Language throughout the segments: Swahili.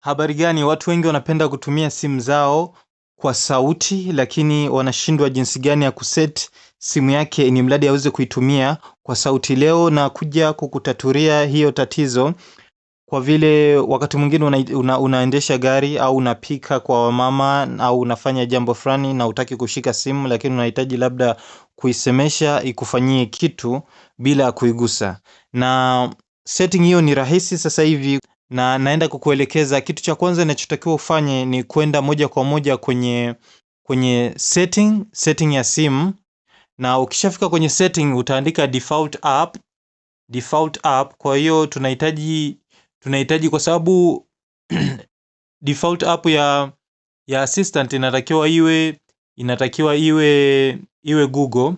Habari gani, watu wengi wanapenda kutumia simu zao kwa sauti lakini wanashindwa jinsi gani ya kuset simu yake ni mradi aweze kuitumia kwa sauti. Leo na kuja kukutatulia hiyo tatizo, kwa vile wakati mwingine una, una, unaendesha gari au unapika kwa wamama au unafanya jambo fulani na utaki kushika simu, lakini unahitaji labda kuisemesha ikufanyie kitu bila kuigusa, na setting hiyo ni rahisi sasa hivi na naenda kukuelekeza. Kitu cha kwanza inachotakiwa ufanye ni kwenda moja kwa moja kwenye kwenye setting, setting ya simu, na ukishafika kwenye setting utaandika default app, default app. Kwa hiyo tunahitaji tunahitaji kwa sababu default app ya ya assistant inatakiwa iwe inatakiwa iwe iwe Google,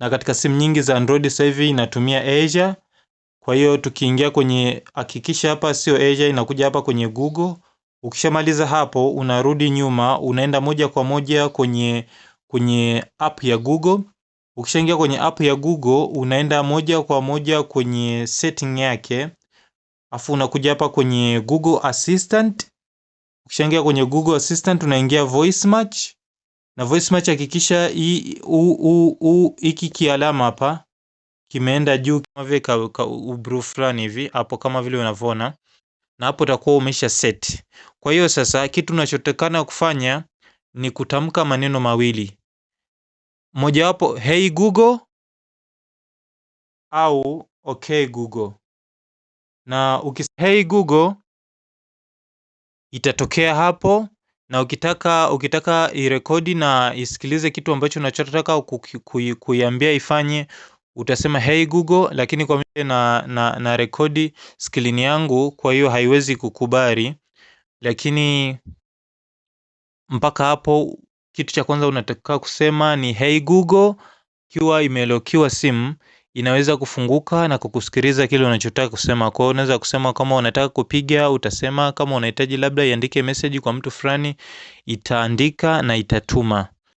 na katika simu nyingi za Android sasa hivi inatumia Azure kwa hiyo tukiingia kwenye hakikisha hapa sio Asia, inakuja hapa kwenye Google. Ukishamaliza hapo, unarudi nyuma, unaenda moja kwa moja kwenye kwenye app ya Google. Ukishaingia kwenye app ya Google, unaenda moja kwa moja kwenye setting yake, afu unakuja hapa kwenye Google Assistant. Ukishaingia kwenye Google Assistant, unaingia voice match na voice match, hakikisha hiki kialama hapa kimeenda juu kama vile ka, ka ubru fulani hivi hapo, kama vile unavyoona, na hapo utakuwa umesha set. Kwa hiyo sasa kitu unachotekana kufanya ni kutamka maneno mawili, mojawapo hey Google au okay Google, na ukis hey Google itatokea hapo na ukitaka ukitaka irekodi na isikilize kitu ambacho unachotaka kuiambia ifanye utasema hey Google, lakini kwa vile na, na, na rekodi skrini yangu, kwa hiyo haiwezi kukubali. Lakini mpaka hapo, kitu cha kwanza unataka kusema ni hey Google. Ikiwa imelokiwa simu inaweza kufunguka na kukusikiliza kile unachotaka kusema. Kwa unaweza kusema kama unataka kupiga utasema, kama unahitaji labda iandike message kwa mtu fulani itaandika na itatuma.